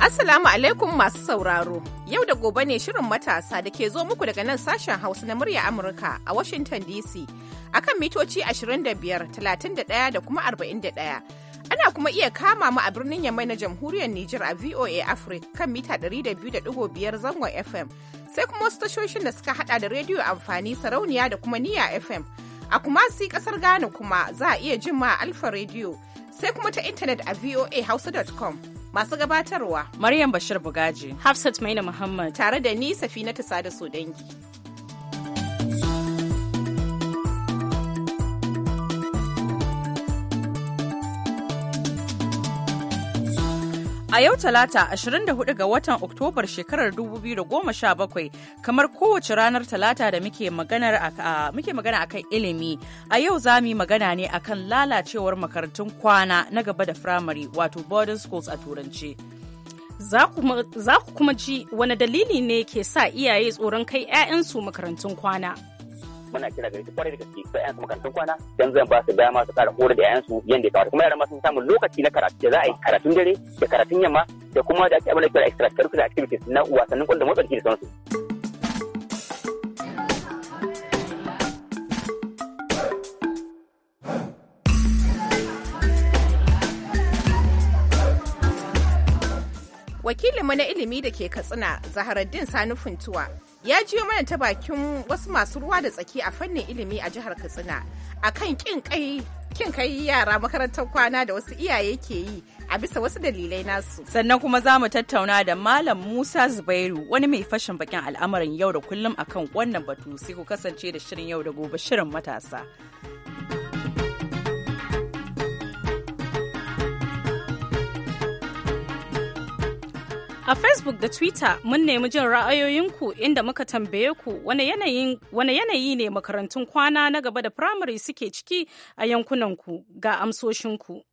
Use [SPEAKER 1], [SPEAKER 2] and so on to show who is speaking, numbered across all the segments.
[SPEAKER 1] Assalamu alaikum masu sauraro. Yau da gobe ne shirin matasa da ke zo muku daga nan sashen Hausa na murya Amurka a Washington DC akan mitoci 25, 31 da kuma 41. Ana kuma iya kama mu a birnin Yamai na Jamhuriyar Nijar a VOA Africa kan mita 200.5 zangon FM. Sai kuma wasu tashoshin da suka hada da rediyo amfani sarauniya da kuma niya FM. A kuma si kasar Ghana kuma za a iya jin ma Alfa Radio sai kuma ta intanet a voahausa.com. Masu gabatarwa Maryam Bashir Bugaji Hafsat Maina Muhammad tare da ni Safinatu Sada Sodangi.
[SPEAKER 2] A yau Talata 24 ga watan Oktobar shekarar 2017 kamar kowace ranar Talata da muke magana akan ilimi. A yau za mu yi magana ne akan lalacewar makarantun kwana na gaba da firamare wato boarding schools a turance. Za ku kuma ji wani dalili ne ke sa iyaye tsoron kai 'ya'yansu makarantun kwana. muna kira gare su kwarai da gaske ga yayansu makarantun kwana
[SPEAKER 3] dan zan ba su dama su tsara horar da yayansu yanda ya kamata kuma yaran ma sun samu lokaci na karatu da za a yi karatun dare da karatun yamma da kuma da ake abin da kira curricular activities na wasannin kwallon motsa jiki da sauransu.
[SPEAKER 1] wakilinmu na ilimi da ke katsina zaharaddin sani funtuwa ya jiyo mana ta bakin wasu masu ruwa da tsaki a fannin ilimi a jihar katsina a kan kin kai yara makarantar kwana da wasu iyaye ke yi a bisa wasu dalilai nasu
[SPEAKER 2] sannan kuma za mu tattauna da malam musa zubairu wani mai fashin bakin al'amarin yau da kullum akan wannan batu sai ku kasance da shirin yau da gobe shirin matasa A Facebook da Twitter mun nemi jin ra'ayoyinku inda muka tambaye ku wane yanayi ne makarantun kwana na gaba da firamare suke ciki a yankunanku ga amsoshinku.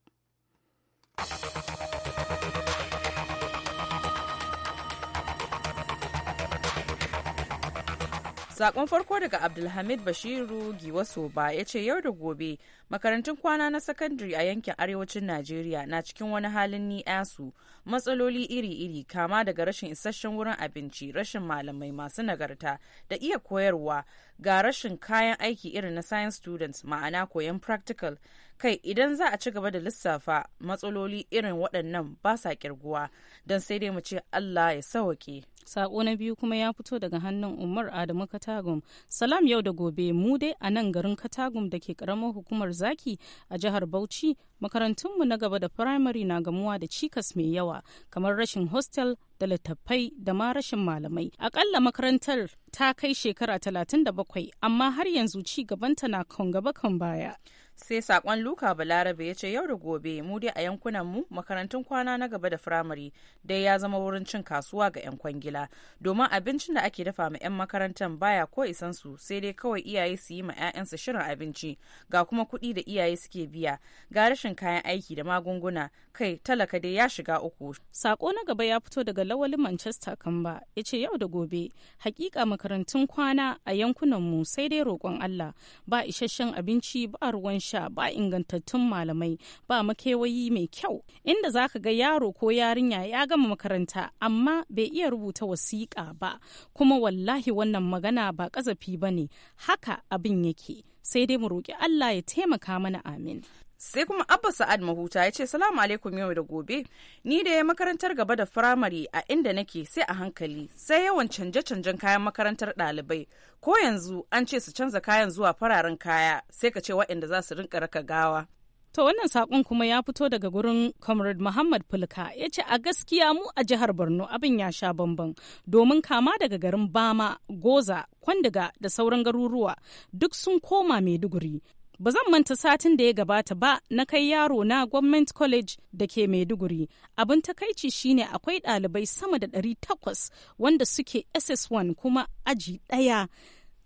[SPEAKER 2] Sakon farko daga Abdulhamid Bashiru giwaso ba ya ce yau da gobe makarantun kwana na sakandare a yankin arewacin najeriya na cikin wani halin ni'yasu matsaloli iri-iri kama daga rashin isasshen wurin abinci rashin malamai masu nagarta da iya koyarwa ga rashin kayan aiki irin na science students ma'ana koyan practical kai idan za a ci gaba da lissafa matsaloli irin waɗannan ba sa kirguwa don sai dai mu ce allah ya sawake Sako na biyu kuma ya fito daga hannun Umar Adamu Katagum. Salam yau da gobe mu dai a nan garin Katagum da ke karamar hukumar Zaki a jihar Bauchi makarantunmu na gaba da firamare na gamuwa da cikas mai yawa kamar rashin hostel da littattafai da ma rashin malamai. Akalla makarantar ta kai shekara 37 amma har yanzu ci gabanta na kan gaba kan baya. sai sakon luka balarabe ya ce yau da gobe mu dai a yankunan mu makarantun kwana na gaba da firamare dai ya zama wurin cin kasuwa ga 'yan kwangila domin abincin da ake dafa ma 'yan makarantar baya ko isan su sai dai kawai iyaye su yi ma 'ya'yansu shirin abinci ga kuma kuɗi da iyaye suke biya ga rashin kayan aiki da magunguna kai talaka dai ya shiga uku sako na gaba ya fito daga lawalin manchester kamba ya ce yau da gobe hakika makarantun kwana a yankunan mu sai dai roƙon allah ba isasshen abinci ba ruwan sha ba ingantattun malamai ba makewayi mai kyau inda za ka ga yaro ko yarinya ya gama makaranta amma bai iya rubuta wasiƙa ba kuma wallahi wannan magana ba ƙazafi ba ne haka abin yake sai dai mu roƙi Allah ya taimaka mana amin. sai kuma abba sa'ad mahuta ya ce salamu alaikum yau da gobe ni da ya makarantar gaba da firamare a inda nake sai a hankali sai yawan canje-canjen kayan makarantar ɗalibai ko yanzu an ce su canza kayan zuwa fararen kaya sai ka ce waɗanda za su rinka raka gawa To wannan saƙon kuma ya fito daga gurin Comrade Muhammad Fulka ya ce a gaskiya mu a jihar Borno abin ya sha bamban domin kama daga garin Bama, Goza, Kwandiga da sauran garuruwa duk sun koma Maiduguri ba zan manta satin da ya gabata ba na kai yaro na government college da ke maiduguri abin takaici shine akwai ɗalibai sama da 800 wanda suke ss1 kuma aji ɗaya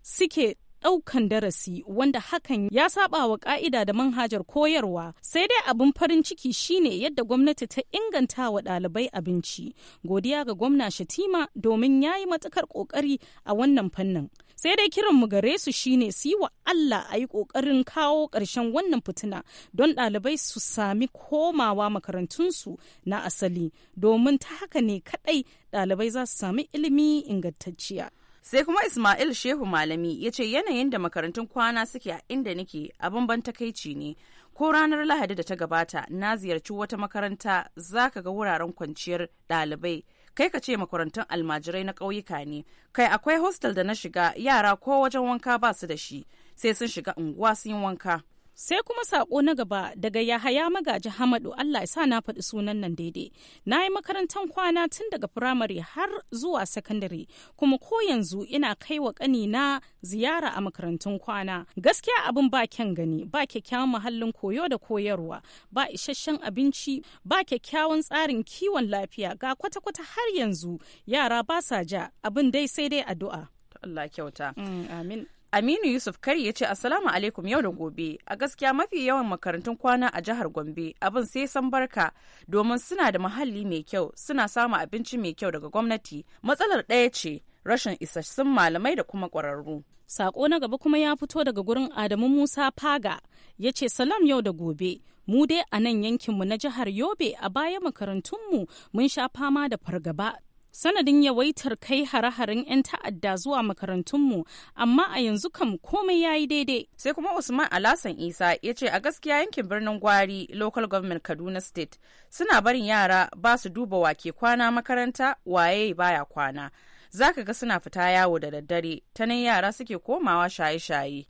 [SPEAKER 2] suke ɗaukan darasi wanda hakan ya saba wa ƙa'ida da manhajar koyarwa sai dai abin farin ciki shine yadda gwamnati ta inganta wa ɗalibai abinci godiya ga gwamna shatima domin ya yi matuƙar ƙoƙari a wannan fannin sai dai kiranmu gare su shine su yi wa Allah a yi ƙoƙarin kawo ƙarshen wannan fitina don ɗalibai su sami komawa makarantunsu na asali domin ta haka ne kaɗai ɗalibai za su sami ilimi ingantacciya. sai kuma ismail shehu malami ya ce yanayin da makarantun kwana suke a inda nake abin ban takaici ne ko ranar lahadi da ta gabata na ziyarci wata makaranta za ka ga wuraren kwanciyar ɗalibai kai ka ce makarantun almajirai na ƙauyuka ne kai akwai hostel da na shiga yara ko wajen wanka ba su da shi sai sun shiga unguwa sun yi wanka Sai kuma sako na gaba daga Yahaya Magaji Hamadu Allah ya sa na faɗi sunan nan daidai. Na yi makarantar kwana tun daga firamare har zuwa sakandare kuma ko yanzu ina kai wa ƙani na ziyara a makarantun kwana. Gaskiya abin ba kyan gani, ba kyakkyawan muhallin koyo da koyarwa, ba isasshen abinci, ba kyakkyawan tsarin kiwon lafiya ga kwata-kwata har yanzu yara ba sa ja abin dai sai dai addu'a. Allah kyauta. Mm, amin. Aminu Yusuf Kari ya ce Assalamu alaikum yau da gobe. A gaskiya mafi yawan makarantun kwana a jihar Gombe abin sai san barka domin suna da muhalli mai kyau, suna samun abinci mai kyau daga gwamnati. Matsalar ɗaya ce rashin isassun malamai da kuma ƙwararru. Sako na gaba kuma ya fito daga gurin Adamu Musa Faga ya ce salam yau da gobe. Mu dai a nan yankinmu na jihar Yobe a baya makarantunmu mun sha fama da fargaba sanadin yawaitar kai hare-haren 'yan ta'adda zuwa makarantunmu amma a yanzu kam komai ya yi daidai. Sai kuma Usman Alasan Isa ya ce a gaskiya yankin birnin Gwari local government Kaduna state suna barin yara ba su duba wake kwana makaranta waye baya kwana. Za ka ga suna fita yawo da daddare ta nan yara suke komawa shaye-shaye.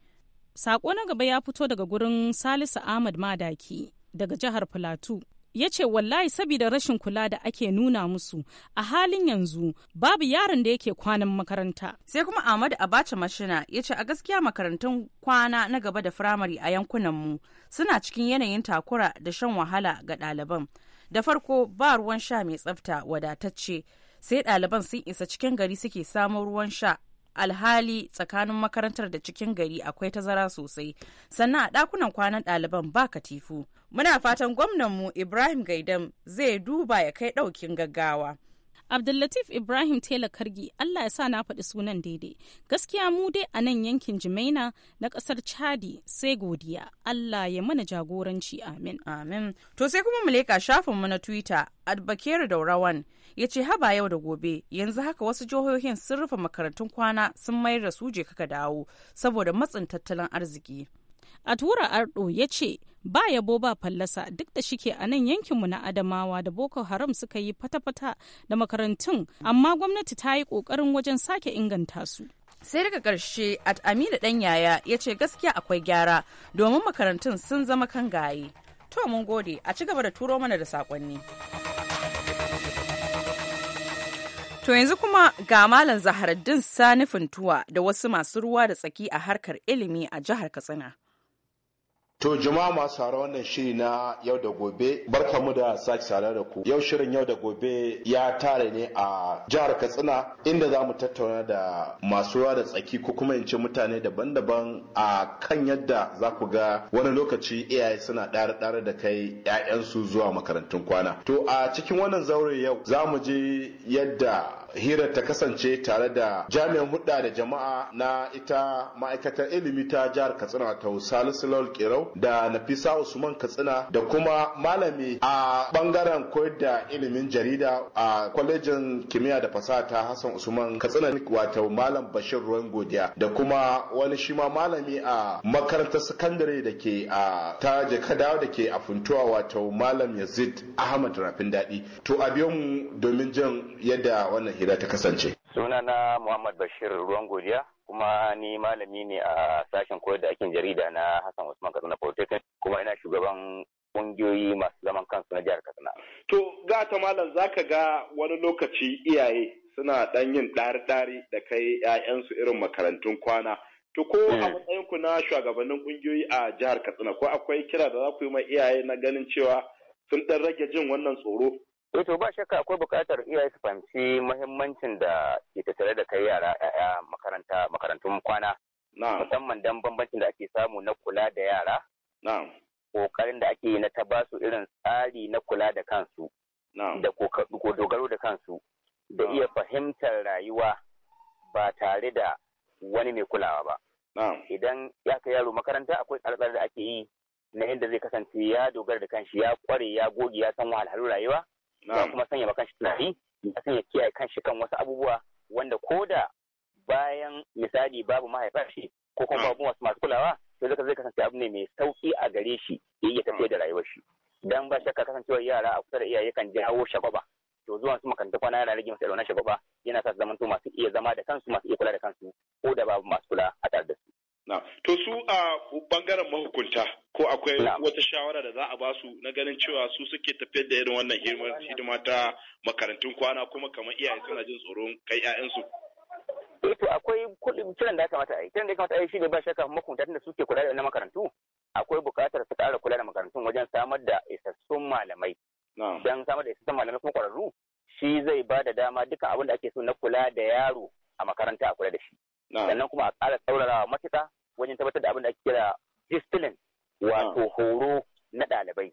[SPEAKER 2] saƙo na gaba ya fito daga gurin Salisu Ahmad Madaki daga jihar Plateau. ya ce wallahi saboda rashin kula da ake nuna musu a halin yanzu babu yaron da yake kwanan makaranta sai kuma ahmad abacha mashina ya ce a gaskiya makarantun kwana na gaba da firamare a yankunan mu suna cikin yanayin takura da shan wahala ga ɗaliban da farko ba ruwan sha mai tsafta wadatacce sai ɗaliban sun isa cikin gari suke samun ruwan sha alhali tsakanin makarantar da cikin gari akwai tazara sosai sannan a dakunan kwanan ɗaliban ba katifu muna fatan gwamnanmu ibrahim gaidam zai duba ya kai ɗaukin gaggawa Abdullatif Ibrahim Tela Kargi Allah ya sa na faɗi sunan daidai. Gaskiya mu dai a nan yankin Jimaina na ƙasar Chadi sai godiya. Allah ya mana jagoranci amin. Amin. To sai kuma mu leƙa shafinmu na Twitter, Adbakiru Daurawan. ya ce haba yau da gobe yanzu haka wasu jihohin sun rufe makarantun kwana sun mayar da su je kaka dawo saboda matsin tattalin arziki a tura ardo ya ce ba yabo ba fallasa duk da shike a nan yankinmu na adamawa da boko haram suka yi fata-fata da makarantun amma gwamnati ta yi kokarin wajen sake inganta su sai daga ƙarshe at aminu dan yaya ya ce gaskiya akwai gyara domin makarantun sun zama kan gaye to mun gode a ci gaba da turo mana da sakonni. To yanzu kuma ga Malam Zaharaddin Sani Funtuwa da wasu masu ruwa da tsaki a harkar ilimi a jihar Katsina.
[SPEAKER 4] To jama'a masu sauraron wannan shiri na yau da gobe mu da sake sare da ku. Yau shirin yau da gobe ya tare ne a jihar Katsina inda za mu tattauna da masu ruwa da tsaki ko kuma in ce mutane daban-daban a kan yadda za ku ga wani lokaci iyaye suna ɗare-ɗare da kai 'ya'yansu zuwa makarantun kwana. To a cikin wannan zaure yau za mu je yadda hirar ta kasance tare da jami'an hudda da jama'a na ita ma'aikatar ilimi ta jihar katsina ta salisu lawal kirau da Nafisa Usman Katsina da kuma malami a bangaren koyar da ilimin jarida a kwalejin kimiyya da fasaha ta Hassan Usman Katsina wato malam Bashir Ruwan Godiya da kuma wani shi ma malami a makarantar sakandare da ke a ta Jakadawa da ke a Funtuwa wato malam Yazid Ahmad Rafin Daɗi to a biyo mu domin jin yadda wannan hira ta kasance
[SPEAKER 3] sunana Muhammad Bashir Ruwan Godiya kuma ni malami ne a sashen koyar da aikin jarida na Hassan Usman Katsina Polytechnic kuma ina shugaban kungiyoyi masu zaman kansu na jihar Katsina.
[SPEAKER 4] To ga ta malam ka ga wani lokaci iyaye suna dan yin dare-dare da kai 'ya'yansu irin makarantun kwana. To ko a hmm. matsayin ku na shugabannin kungiyoyi a jihar Katsina ko akwai kira da za ku yi ma iyaye na ganin cewa sun dan rage jin wannan tsoro? eh to ba shakka akwai buƙatar iyaye
[SPEAKER 3] su fahimci muhimmancin da ke tattare da kai yara ya'ya makaranta makarantun kwana musamman dan bambancin da ake samu na kula da yara kokarin da ake yi na ta basu irin tsari na kula da kansu da ko dogaro da kansu da iya fahimtar rayuwa ba tare da wani mai kulawa ba idan ya kai yaro makaranta akwai tsare da ake yi na inda zai kasance ya dogara da kanshi ya kware ya goge ya san wahalhalun rayuwa ya kuma sanya ba kanshi tunani ya sanya kiyaye kanshi kan wasu abubuwa wanda ko da bayan misali babu mahaifar shi ko kuma babu masu masu kulawa sai zaka zai kasance abu ne mai sauki a gare shi ya iya tafiya da rayuwar shi dan ba shakka kasancewar yara a kusa da iyaye kan jawo shagwaba to zuwa su makaranta kwana yana rage masa irin shagwaba yana sa su zamanto masu iya zama da kansu masu iya kula da kansu ko da babu masu kula a tare da su
[SPEAKER 4] Na, to su a bangaren mahukunta ko akwai wata shawara da za a ba su na ganin cewa su suke tafiyar da irin wannan hidima ta makarantun kwana kuma kamar iyaye suna jin tsoron kai 'ya'yansu.
[SPEAKER 3] Eh to akwai kuɗin kiran da ya kamata a yi, kiran da ya kamata a yi shine ba shakka mahukunta tunda suke kula da na makarantu. Akwai buƙatar su ƙara kula da makarantun wajen samar da isassun malamai. Don samar da isassun malamai kuma ƙwararru shi zai ba da dama dukkan abin da ake so na kula da yaro a makaranta a kula da shi. sannan kuma a ƙara tsaurarawa matuƙa wajen tabbatar da abin da ake kira discipline
[SPEAKER 5] wato horo
[SPEAKER 3] na ɗalibai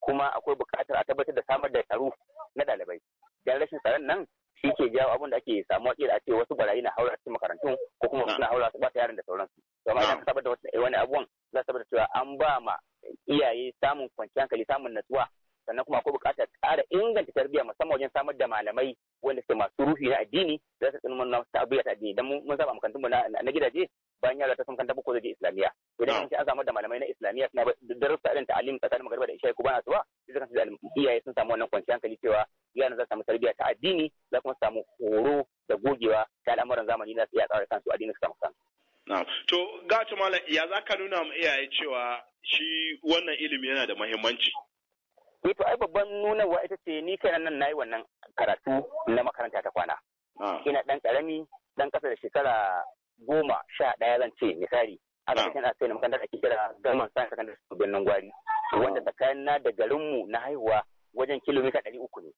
[SPEAKER 3] kuma akwai buƙatar a tabbatar da samar da tsaro na ɗalibai dan rashin tsaron nan shi ke jawo abin da ake samuwa kila a ce wasu barayi na haura cikin makarantun ko kuma suna haura su bata yaran da sauransu to amma idan ka da eh, wani abubuwan za su tabbata cewa an ba ma iyaye samun kwanciyar hankali samun natsuwa sannan kuma akwai buƙatar ƙara inganta tarbiyya musamman wajen samar da malamai wanda su masu ruhi na addini za su tsinmu na tarbiyya ta addini dan mun saba makarantun mu na gidaje bayan yara ta sun kanta boko zai islamiyya idan an ce an samar da malamai na islamiyya suna darussa irin ta'alim tsakanin magariba da isha ko bana suwa sai kan iyaye sun samu wannan kwanciyar hankali cewa yaran za su samu tarbiyya ta addini za kuma samu horo da gogewa ta al'amuran zamani na su iya tsara kansu addini su samu kansu
[SPEAKER 4] Na'am. To gata malam ya za ka nuna ma iyaye cewa shi wannan ilimi yana da muhimmanci.
[SPEAKER 3] eh to ai babban nunarwa ita ce ni kai nan yi wannan karatu na makaranta ta kwana
[SPEAKER 2] ah. ina dan
[SPEAKER 3] karami dan kasa da shekara goma sha ɗaya zan ce misali a ah. cikin asali na makarantar ake kira garman science secondary su birnin gwari ah. wanda tsakanin na da garinmu na haihuwa wajen kilomita ɗari uku ne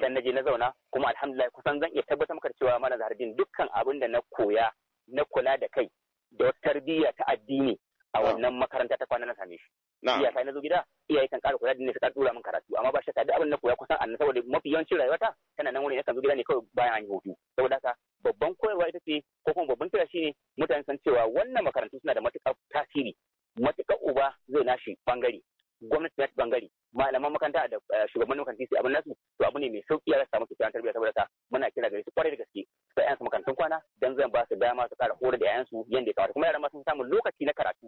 [SPEAKER 3] dan naje na zauna kuma alhamdulillah kusan zan iya tabbatar maka cewa mana zahardin dukkan abin da na koya na kula da kai da wata tarbiyya ta addini
[SPEAKER 5] a wannan makaranta
[SPEAKER 3] ta kwana na same shi iyaka na zo gida iyaye kan ƙara koya da ne su ƙara dora min karatu amma ba shakka duk abin na koya kusan annan saboda mafi yawancin rayuwata tana nan wani kan zo gida ne kawai bayan an yi hutu saboda haka babban koyarwa ita ce ko kuma babban kira shine mutane san cewa wannan makarantu suna da matukar tasiri Matukar uba zai nashi bangare gwamnati na bangare malaman makaranta da eh, shugaban makarantu su abin nasu to abu ne mai sauki ya samu kyakkyawan tarbiyya saboda ta muna kira gare su kwarai da gaske su ƴan su makarantun kwana dan zan ba su dama su kara horar da ƴaƴan su yanda ya kamata kuma yaran ma sun samu lokaci na karatu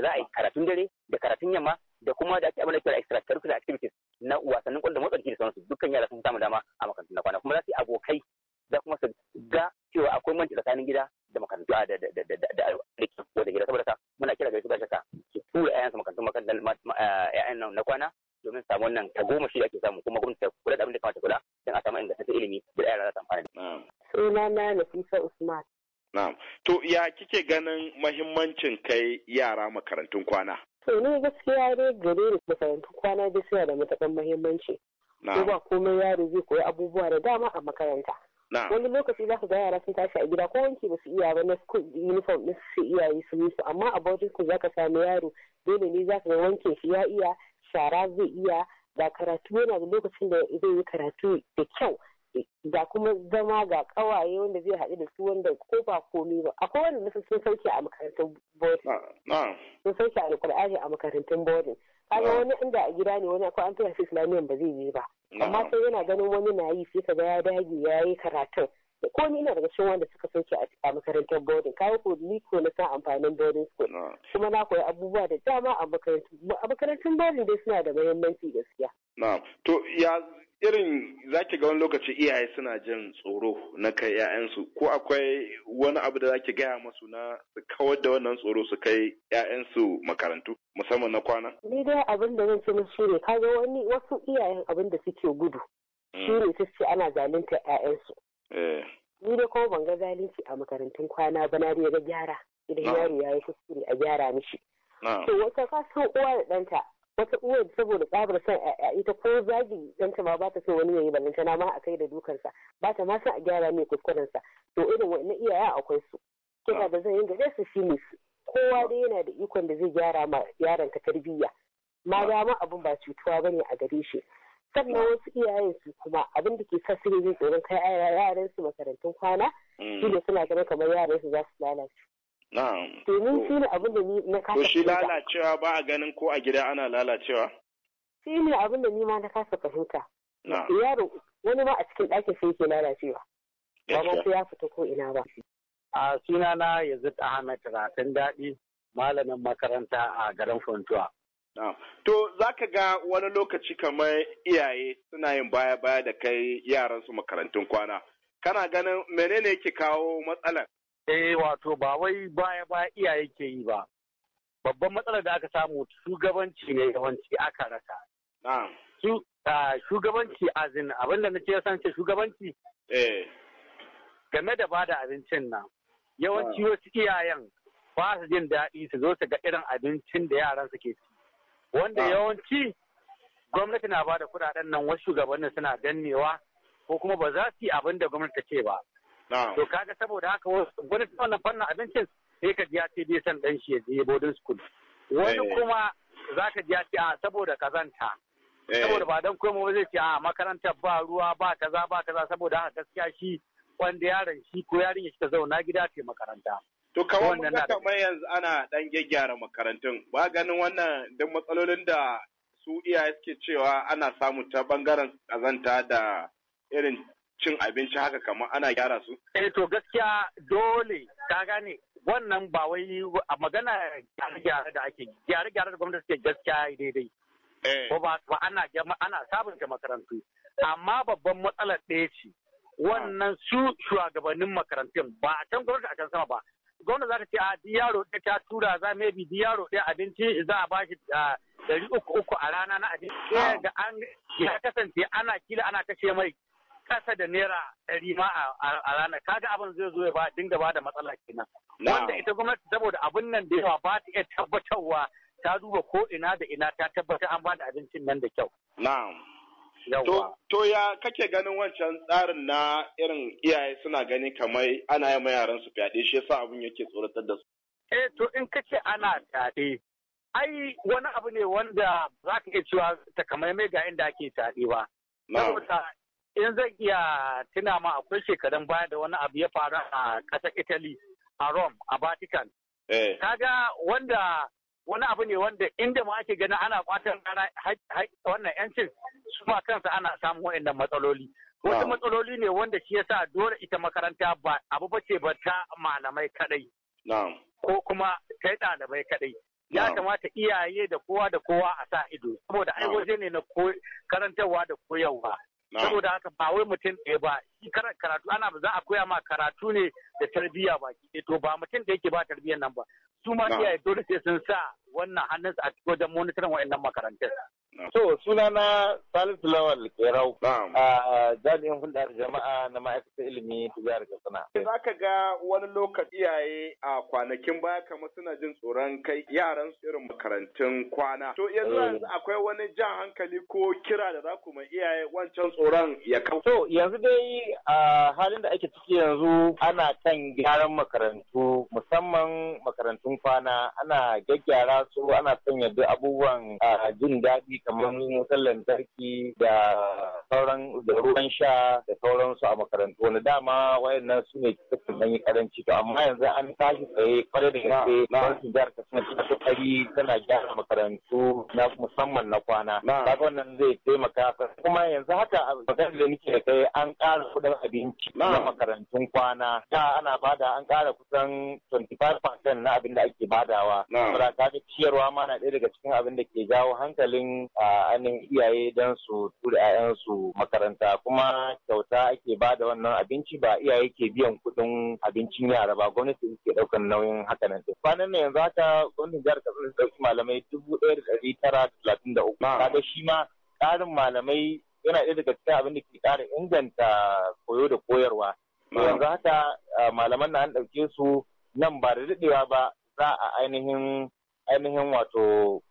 [SPEAKER 3] da za a yi karatun dare da karatun yamma da kuma da ake abin da extracurricular activities na wasannin kwallon motsa jiki da sauransu dukkan yara sun samu dama a
[SPEAKER 4] ganin mahimmancin kai yara makarantun kwana?
[SPEAKER 5] To ni gaskiya dai gare ni makarantun kwana da suna da matakan mahimmanci. Ko ba komai yaro zai koyi abubuwa da dama a makaranta. Wani lokaci za ka ga yara sun tashi a gida ko wanke ba su iya ba na school uniform din su iyaye su musu amma a bautin ku za ka samu yaro dole ne za ka ga wanke shi ya iya shara zai iya da karatu yana da lokacin da zai yi karatu da kyau Da kuma zama ga kawaye wanda zai haɗu da su wanda ko ba komai ba akwai wanda nasu sun sauke a makarantun boarding ah, sun sauke a alkur'ani a makarantun boarding kaga wani inda a gida ne wani akwai an tura su islamiyan ba zai yi ba amma sai yana ganin wani na yi sai kaga ya dage ya yi karatun ko ni ina daga cikin wanda suka sauke a makarantar boarding kaga ko ni ko na san amfanin boarding school kuma na koyi abubuwa da dama a makarantun boarding dai suna da muhimmanci gaskiya
[SPEAKER 4] na'am to ya irin zaki ga wani lokaci iyaye suna jin tsoro na kai 'ya'yansu ko akwai wani abu da zaki gaya masu na su kawar da wannan tsoro su kai 'ya'yansu makarantu musamman na kwana?
[SPEAKER 5] Ni dai abin da zan ce shi ne kaga wani wasu iyayen abin da suke gudu mm. ne su ce ana zalunta 'ya'yansu. Eh. Ni dai kuma ban ga zalunci a makarantun kwana ba na ga gyara idan yaro ya yi kuskure a gyara mishi. To wata ka uwa da ɗanta wata uwar saboda tsabar son a ita ko zagi ɗanta ma ba ta so wani yayi ballanta na ma a kai da sa ba ta ma san a gyara mai sa to irin wannan iyayen akwai su kira da zan yi gare su shine kowa dai yana da ikon da zai gyara ma yaron ka tarbiyya ma ma abun ba cutuwa bane a gare shi sannan wasu iyayen su kuma abin da ke sa su tsoron kai yaran su makarantun kwana mm. shine suna ganin kamar yaran su za su lalace Na'am. Domin shi ne abin da na kasa fahimta. To shi
[SPEAKER 4] lalacewa ba a ganin ko a gida ana lalacewa?
[SPEAKER 5] Shi ne abin da ni ma na kasa fahimta. Na'am. Yaro wani ma a cikin ɗakin sai ke lalacewa. Ba ma ya fita ko ina ba. A suna na Yazid Ahmed Ratin
[SPEAKER 6] Daɗi malamin makaranta a garin Funtuwa.
[SPEAKER 4] To za ka ga wani lokaci kamar iyaye suna yin baya-baya da kai yaransu makarantun kwana. Kana ganin menene yake kawo matsalar?
[SPEAKER 6] Eh wato ba wai baya baya iyaye ke yi ba. Babban matsalar da aka samu shugabanci ne yawanci aka rasa. Shugabanci azin abinda na ce san ce shugabanci. Eh. Game da bada abincin nan. Yawanci wasu iyayen ba su jin daɗi su zo su ga irin abincin da yaran suke ci. Wanda yawanci gwamnati na bada kuɗaɗen nan wasu shugabannin suna dannewa ko kuma ba za su yi abin da gwamnati ta ce ba. To kaga saboda haka wani ta wannan fannin abincin sai ka ji ya ce bai san dan shi ya je boarding school.
[SPEAKER 4] Wani eh. kuma
[SPEAKER 6] za ka ji ya ce a ah, saboda kazanta. Eh. Saboda ba don komai zai ce a ah, makarantar ba ruwa ba kaza ba kaza saboda haka gaskiya
[SPEAKER 4] shi wanda yaron shi ko yarinya shi ta zauna gida ce makaranta. To kawai mun ga kamar yanzu ana dan gyaggyara makarantun ba ganin wannan duk matsalolin da su iyaye suke cewa ana samu ta bangaren kazanta da irin cin abinci haka kamar ana gyara su?
[SPEAKER 6] Eh to gaskiya dole ka gane wannan ba wai a magana gyare-gyare da ake gyare-gyare da gwamnati suke gaskiya daidai. Eh. Ko ba ana ana sabunta makarantu. Amma babban matsalar ɗaya ce. Wannan su shugabannin makarantun ba a can gwamnati a can sama ba. Gwamnati za ta ce a ah, di yaro ɗaya ta tura za mai bi di yaro ɗaya abinci za a shi ah, ɗari uku uku a rana na abinci. Da an ya kasance ana kila ana kashe mai kasa da naira ɗari ma a ranar kaga abin zai zo ya ba dinga ba da matsala kenan wanda ita gwamnati saboda abin nan da yawa ba ta iya tabbatarwa ta duba ko ina da ina ta tabbata an ba da abincin
[SPEAKER 4] nan da kyau To, to ya kake ganin wancan tsarin na irin iyaye suna gani kamar ana yi yaran su fyaɗe shi yasa abin yake tsoratar da su. Eh
[SPEAKER 6] to in kace ana fyaɗe ai wani abu ne wanda za ka iya cewa mai ga inda ake fyaɗe ba. Na in zan iya tuna ma akwai shekarun baya da wani abu ya faru a ƙasar Italy a Rome a Vatican. Eh. Kaga wanda wani abu ne wanda inda ma ake ganin ana kwatan wannan yancin su ma kansa ana samun wa'annan matsaloli. Wasu matsaloli ne wanda shi yasa dole ita makaranta ba abu ba ce ba ta malamai kadai. Ko kuma ta yi ɗalibai kadai. ya kamata iyaye da kowa da kowa a sa ido saboda ai waje ne na karantarwa da koyarwa saboda haka ba wai mutum ɗaya ba shi karatu ana za a koya ma karatu ne da tarbiyya ba to ba mutum da ke ba tarbiyyar nan ba su ma iyaye dole sai sun sa wannan hannun su a cikin wajen monitoring wa'annan makarantar
[SPEAKER 7] To sunana Salisu Lawal Kerau.
[SPEAKER 6] A
[SPEAKER 7] jami'in hulɗar jama'a na ma'aikatar
[SPEAKER 4] ilimi ta jihar Katsina. Za ka ga wani lokaci iyaye a kwanakin baya kamar suna jin tsoron kai yaran su irin makarantun kwana. To eh. yanzu akwai wani jan hankali ko kira da za ku ma iyaye wancan tsoron ya kau. To yanzu dai a
[SPEAKER 7] halin da ake ciki yanzu ana kan gyaran makarantu musamman makarantun kwana ana gyaggyara su ana sanya duk abubuwan jin daɗi kamar wutar lantarki da sauran da ruwan sha da sauransu a makarantu wani dama wayannan su ne kitabun nan yi karanci to amma yanzu an tashi tsaye kwarai da gaske gwamnatin jihar kasuwa ta kokari tana gyara makarantu na musamman na kwana kaga wannan zai taimaka kuma yanzu haka magana da nake da kai an ƙara kuɗin abinci na makarantun kwana da ana bada an ƙara kusan 25% na abin da ake badawa. Saboda ka ciyarwa ma na ɗaya daga cikin abin da ke jawo hankalin ainihin iyaye don su tura 'ya'yansu makaranta kuma kyauta ake ba da wannan abinci ba iyaye ke biyan kuɗin abincin yara ba gwamnati ke daukan nauyin haka nan kwanan nan yanzu haka gwamnatin jihar katsina ta ɗauki malamai dubu ɗaya da ɗari tara talatin da uku kaga shi ma ƙarin malamai yana ɗaya daga cikin abin da ke ƙara inganta koyo da koyarwa yanzu haka malaman na an ɗauke su nan ba da daɗewa ba za a ainihin ainihin wato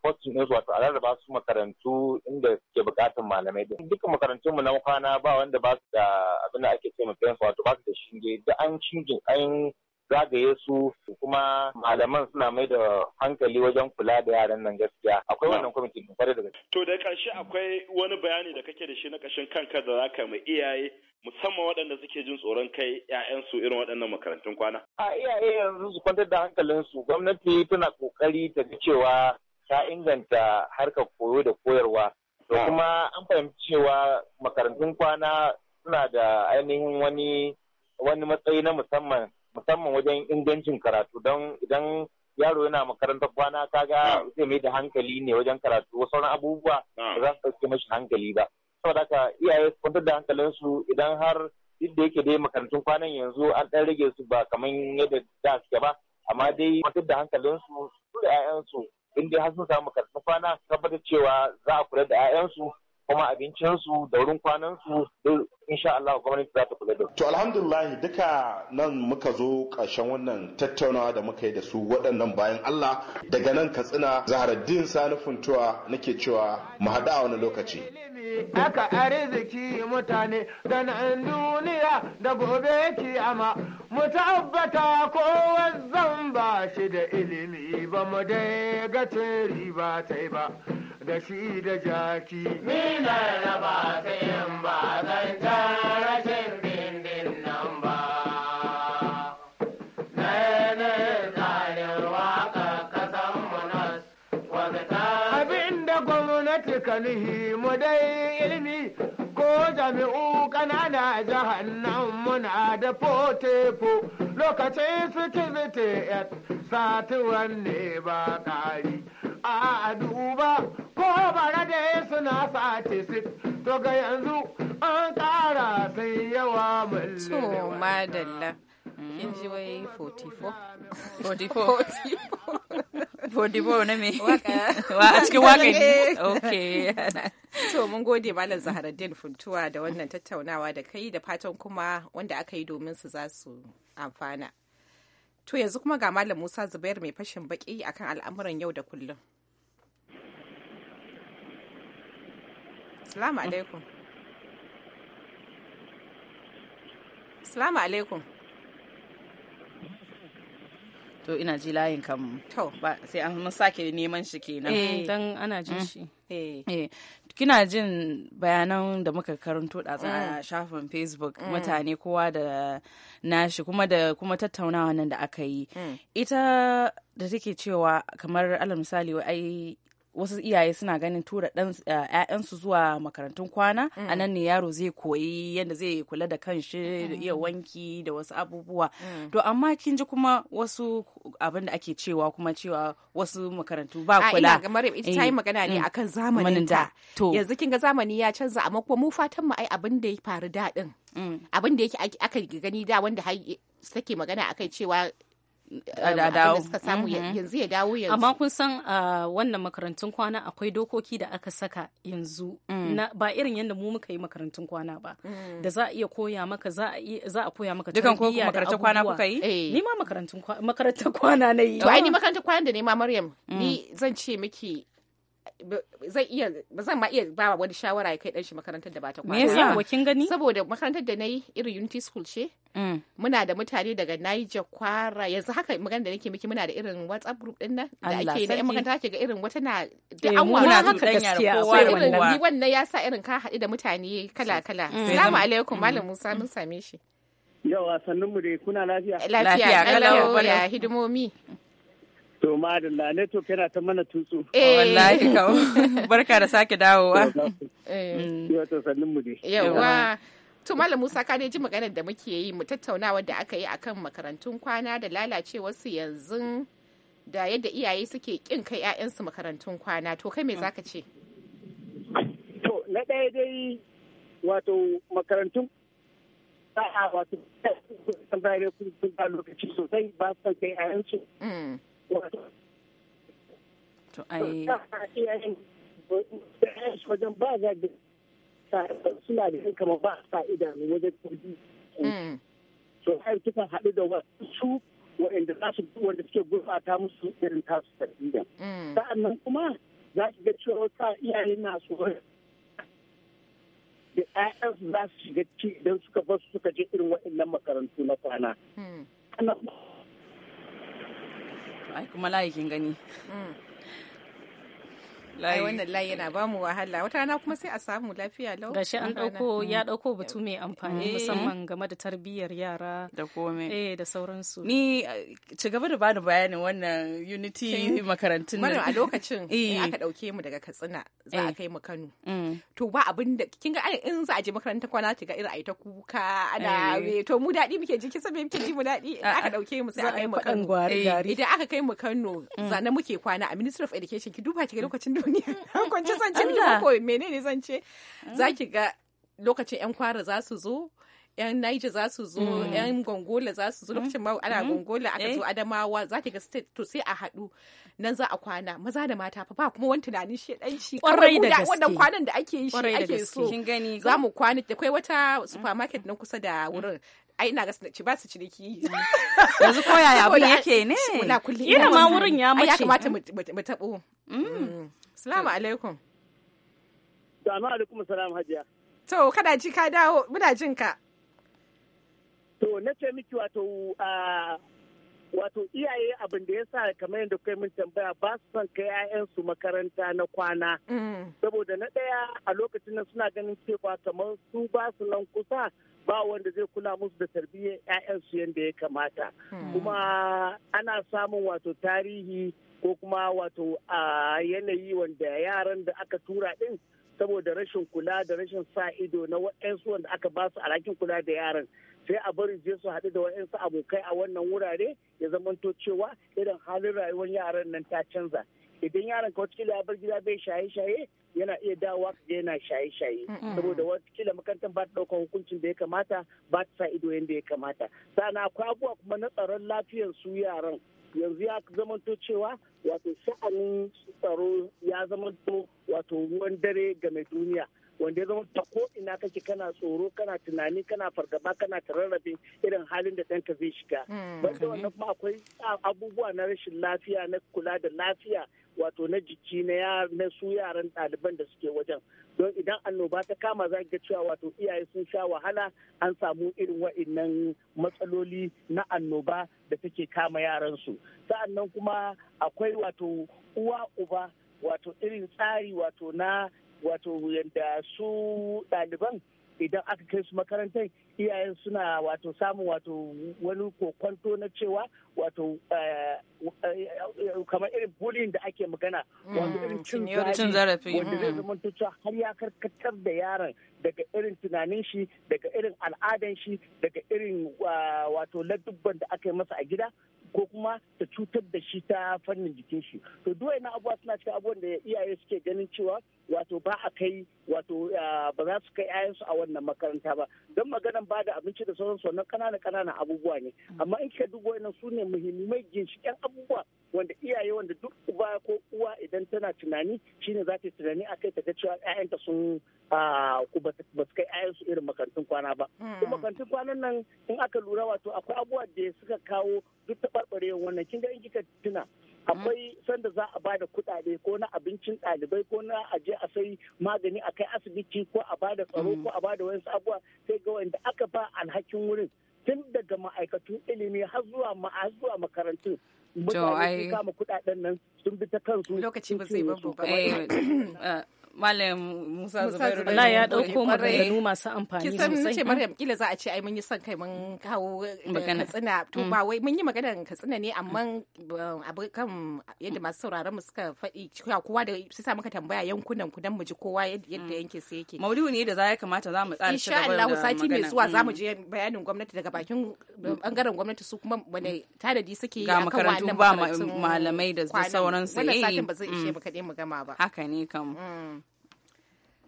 [SPEAKER 7] posting ɗinsu wato a rarraba su makarantu inda ke bukatan malamai din dukkan makarantun mu na kwana ba wanda ba su da abin da ake ce ma wato ba su da shinge da an shinge an zagaye su kuma malaman suna mai da hankali wajen kula da yaran nan gaskiya akwai wannan kwamiti mai kware da gaske.
[SPEAKER 4] To da ƙarshe akwai wani bayani da kake da shi na ƙashin kanka da za ka mai iyaye musamman waɗanda suke jin tsoron kai 'ya'yansu irin waɗannan makarantun kwana. A iyaye yanzu su kwantar da hankalin su gwamnati tana ƙoƙari ta ga cewa ta inganta harkar koyo da koyarwa.
[SPEAKER 3] Da ah. kuma
[SPEAKER 7] an fahimci cewa makarantun kwana suna da ainihin wani wani matsayi na musamman musamman wajen ingancin karatu don idan yaro yana makarantar kwana kaga zai mai da hankali ne wajen karatu wasu sauran abubuwa da za su ɗauke mashi hankali ba saboda haka iyaye su kwantar da hankalinsu idan har duk da yake dai makarantun kwanan yanzu an ɗan rage su ba kamar yadda da suke ba amma dai kwantar da hankalinsu su da 'ya'yansu in dai har sun samu makarantun kwana tabbatar cewa za a kula da 'ya'yansu kuma abincinsu da wurin kwanansu duk insha Allah gwamnati za ta kula da su. To
[SPEAKER 4] alhamdulillah duka nan muka zo ƙarshen wannan tattaunawa da muka yi da su waɗannan bayan Allah daga nan Katsina din Sani Funtuwa nake cewa mu haɗu a wani lokaci.
[SPEAKER 8] Aka arziki mutane da nan duniya da gobe kiyama mu tabbata ko zan ba shi da ilimi ba mu dai ga riba ta ba. da shi da jaki. Ni na raba
[SPEAKER 1] ta yin ba zan rashin bindin
[SPEAKER 6] nan ba. Nene tsarin waka kasan munas wata
[SPEAKER 8] Abin da gwamnati ka nuhi mu dai ilimi ko jami'u kanana jahannan muna da fotefo lokacin su kizite satuwan ne ba kari. a duba ko bara da suna
[SPEAKER 1] sace su to ga yanzu an kara sai yawa madalla in ji wai 44 44 na me wa a cikin waka ne eh. okay to mun gode malam zaharaddin funtuwa da wannan tattaunawa da kai da fatan kuma wanda aka yi domin su za su amfana to yanzu kuma ga malam musa zubair mai fashin baki akan al'amuran yau da kullum Salamu alaikum. Salamu alaikum. To ina ji layin kan
[SPEAKER 2] to ba sai an mun sake neman shi kenan. Eh. Eh, dan ana jin mm. shi. Eh. eh. Kina jin bayanan da muka karanto da a mm. shafin Facebook mm. mutane kowa da nashi kuma da kuma tattaunawa nan da aka yi. Ita da take cewa kamar alal misali ai wasu iyaye suna ganin tura ‘ya'yansu eh, zuwa makarantun kwana a mm. nan ne yaro zai koyi yadda zai kula da kanshi da mm. iya wanki da wasu abubuwa mm. to amma kin ji kuma wasu abin da ake cewa kuma cewa wasu makarantu ba kula A ina Maryam ita ta yi eh, magana ne akan zamanin da yanzu
[SPEAKER 1] kin ga zamani ya canza amma kuma mu fatan mu ai abin da ya faru daɗin abin da yake aka gani da wanda take magana akai cewa Um, mm-hmm. yanzu ya dawo yanzu amma
[SPEAKER 2] kun san uh, wannan makarantun kwana akwai dokoki da aka saka yanzu mm. ba irin yadda mu muka yi makarantun kwana ba mm. da za a iya koya maka za a koya maka dukan ko makarantun kwana kuka yi eh. ni ma makarantun kwana na yi to ai ni ah. makarantun
[SPEAKER 1] kwana da ne ma Maryam ni mm. zan ce miki zai iya ba zan ma iya ba wani shawara ya kai dan shi makarantar da ba ta kwana. Me yasa kin gani? Saboda makarantar da na yi irin Unity School ce. Mm. Muna da mutane daga Niger Kwara yanzu haka magana da nake miki muna da irin WhatsApp group din nan da ake da yan makaranta ke ga irin wata na da eh, an wara haka gaskiya. kowa irin ni wannan yasa irin ka haɗu da mutane kala kala. Mm. Assalamu alaikum Malam mm. Musa mun same shi.
[SPEAKER 8] Yawa sannun dai kuna lafiya. Lafiya kalau ya
[SPEAKER 1] hidimomi.
[SPEAKER 8] To madalla to yana ta mana tutsu. Eh oh, wallahi
[SPEAKER 2] kawo. Barka da sake dawowa.
[SPEAKER 1] Eh. Mm.
[SPEAKER 8] Yau sannin mu dai.
[SPEAKER 7] Yawa.
[SPEAKER 1] To Malam Musa ka ne ji maganar da muke yi mu tattaunawa da aka yi akan makarantun kwana da lalacewar su yanzu da yadda iyaye suke kin kai 'ya'yansu makarantun kwana to kai me zaka ce?
[SPEAKER 8] To na ɗaya dai wato makarantun wato sun lokaci sosai ba su kai 'ya'yansu. Mm. to wajen ba za da suna da kama ba sa idanu wajen kurji hmm. so har kika haɗu da wasu wa'anda za su wanda suke gurɓata musu irin tasu tarbiyya hmm. sa'an nan kuma za ki ga cewa ta iyaye na so da ƴaƴansu za su shiga ci idan suka bar suka je irin waɗannan makarantu na
[SPEAKER 2] kwana.
[SPEAKER 1] Hmm. Ana
[SPEAKER 2] ai kuma layi gani mm. ai wannan layi
[SPEAKER 1] yana ba mu wahala wata rana kuma sai a samu lafiya lau shi an dauko ya dauko
[SPEAKER 2] batu mai amfani eh. musamman game da tarbiyyar yara da komai eh da sauransu ni eh, ci gaba da bada bayanin wannan
[SPEAKER 1] unity
[SPEAKER 2] makarantun nan a lokacin eh. aka
[SPEAKER 1] dauke mu daga Katsina za a kai mu Kano mm. to ba abin da kin ga in za a je makarantar kwana ki ga irin ai ta kuka ana to mu dadi muke ji kisa me muke ji mu dadi aka dauke mu sai a kai mu Kano idan aka kai mu Kano mm. zanen muke kwana a Ministry of Education ki duba ki ga mm. lokacin duniya mm, mm, kwanci mm, sance ne ko menene sance zaki ga lokacin yan kwara za su zo yan naija za su zo yan Gongola za su zo lokacin ma ana mm-hmm. Gongola aka zo eh. Adamawa za ki ga state to sai a haɗu nan za a kwana maza da mata fa ba kuma wani tunanin shi dan shi kwarai da gaske wannan kwanan da ake yi shi ake so kin gani za mu kwana da kai wata supermarket nan kusa da wurin ai ina gasa ci ba su ciniki yanzu ko yaya abin yake ne yana ma wurin ya mace ya kamata mu tabo assalamu mm. mm. alaikum salamu alaikum salam hajiya to kada ji ka dawo muna jin ka
[SPEAKER 8] to na ce miki wato a ah, wato iyaye abin da ya sa kamar yadda kai min tambaya ba su son kai 'ya'yansu makaranta na kwana mm. saboda na ɗaya a lokacin nan suna ganin cewa kamar su ba su nan kusa ba wanda zai kula musu da tarbiyyar 'ya'yansu yadda ya kamata mm. kuma ana samun wato tarihi ko kuma wato a yanayi wanda yaran da aka tura din saboda rashin kula da rashin sa ido na waɗansu wanda aka ba su alhakin kula da yaran sai a bari je su haɗu da wa'insu abokai a wannan wurare ya zamanto cewa irin halin rayuwar yaran nan ta canza idan yaron ka wata ya bar gida bai shaye-shaye yana iya dawowa ka yana shaye-shaye saboda watakila makarantar ba ta ɗaukar hukuncin da ya kamata ba ta sa ido yadda ya kamata sana akwai abubuwa kuma na tsaron lafiyar su yaran yanzu ya zamanto cewa wato sha'anin tsaro ya zamanto wato ruwan dare ga mai duniya wanda ya zama ta ko ina kake kana tsoro kana tunani kana fargaba kana tararrabe irin halin da ɗanka zai shiga hmm, banda wannan kuma akwai abubuwa na rashin lafiya na kula da lafiya wato na jiki na na su yaran ɗaliban da suke wajen don idan annoba ta kama za ga cewa wato iyaye sun sha wahala an samu irin wa'innan matsaloli na annoba da take kama yaransu sa'annan kuma akwai wato uwa uba wato irin tsari wato na wato yadda su ɗaliban idan aka kai su makarantar iyayen suna wato samun wato wani kokwanto na cewa wato eh, kamar irin bullying da ake magana mm, wato irin cin zarafi wanda zai mm. zama cewa har ya karkatar da yaron daga irin tunanin shi daga irin al'adan shi daga irin ah, wato ladubban da aka yi masa a gida ko kuma ta cutar da shi ta fannin jikin shi to duk na abuwa suna cikin abuwan da iyaye suke ganin cewa wato ba a kai wato ba za su kai 'ya'yansu a wannan makaranta ba don maganan ba da abinci da sauran su wannan ƙananan kanana abubuwa ne amma in kika duba wannan su ne muhimmai ginshiƙen abubuwa wanda iyaye wanda duk uba ko uwa idan tana tunani shine za ta tunani a kai ta ga cewa 'ya'yanta sun ba su kai 'ya'yansu irin makarantun kwana ba. Kuma hmm. makarantun kwanan nan in aka lura wato akwai abubuwa da suka kawo duk ta taɓarɓarewa wannan kin ga in kika tuna mm. akwai sanda za a bada kuɗaɗe ko na abincin ɗalibai ko na aje a sai magani a kai asibiti ko a bada tsaro mm. ko a bada wayansu abubuwa sai ga wanda aka ba alhakin wurin tun daga ma'aikatun ilimi har zuwa har zuwa makarantu mutane sun kama kudaden
[SPEAKER 2] nan sun bi ta kansu lokaci ba zai babu
[SPEAKER 5] ba
[SPEAKER 2] Malam Musa Zubairu da ya dauko maganganu masu amfani sosai. Kisan nace Maryam
[SPEAKER 1] kila za a ce ai mun yi son kai mun eh, kawo tsina to mm. ba wai mun yi maganar Katsina ne amma mm. abu kan yadda masu sauraron mu suka faɗi kowa da su sa muka tambaya yankunan ku dan mu ji kowa yadda mm. yanke su yake. Maudu'i ne da za ya kamata za mu tsara shi Insha Allah sati mai zuwa za mu je bayanin gwamnati daga bakin bangaren gwamnati su kuma wani tanadi suke yi wannan makarantu ba malamai da sauransu. Wannan satin eh. ba zai ishe mu kaɗai mu gama ba. Haka ne kam.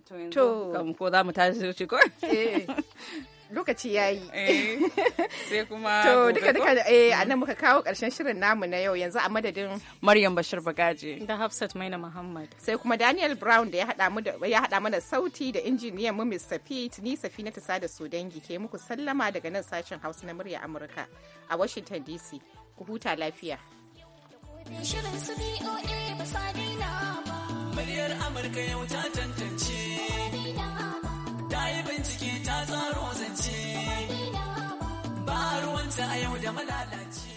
[SPEAKER 1] to kam
[SPEAKER 2] ko za mu tashi shi ko eh,
[SPEAKER 1] lokaci ya yi eh,
[SPEAKER 2] sai kuma to duka duka
[SPEAKER 1] eh nan muka kawo karshen shirin namu na yau yanzu a madadin
[SPEAKER 2] Maryam Bashir Bagaje
[SPEAKER 1] da Hafsat Maina Muhammad sai kuma Daniel Brown da ya hada mu ya hada mana sauti da injiniyan mu Mr. Pete ni Safina ta sada su dangi ke muku sallama daga nan sashen Hausa na murya Amurka a Washington DC ku huta lafiya
[SPEAKER 5] shirin
[SPEAKER 4] su BOA ba sa Muryar Amurka yau ta tantance.
[SPEAKER 8] Ta yi bincike ta tsaro zance.
[SPEAKER 6] Ba ruwanta a yau da malalace.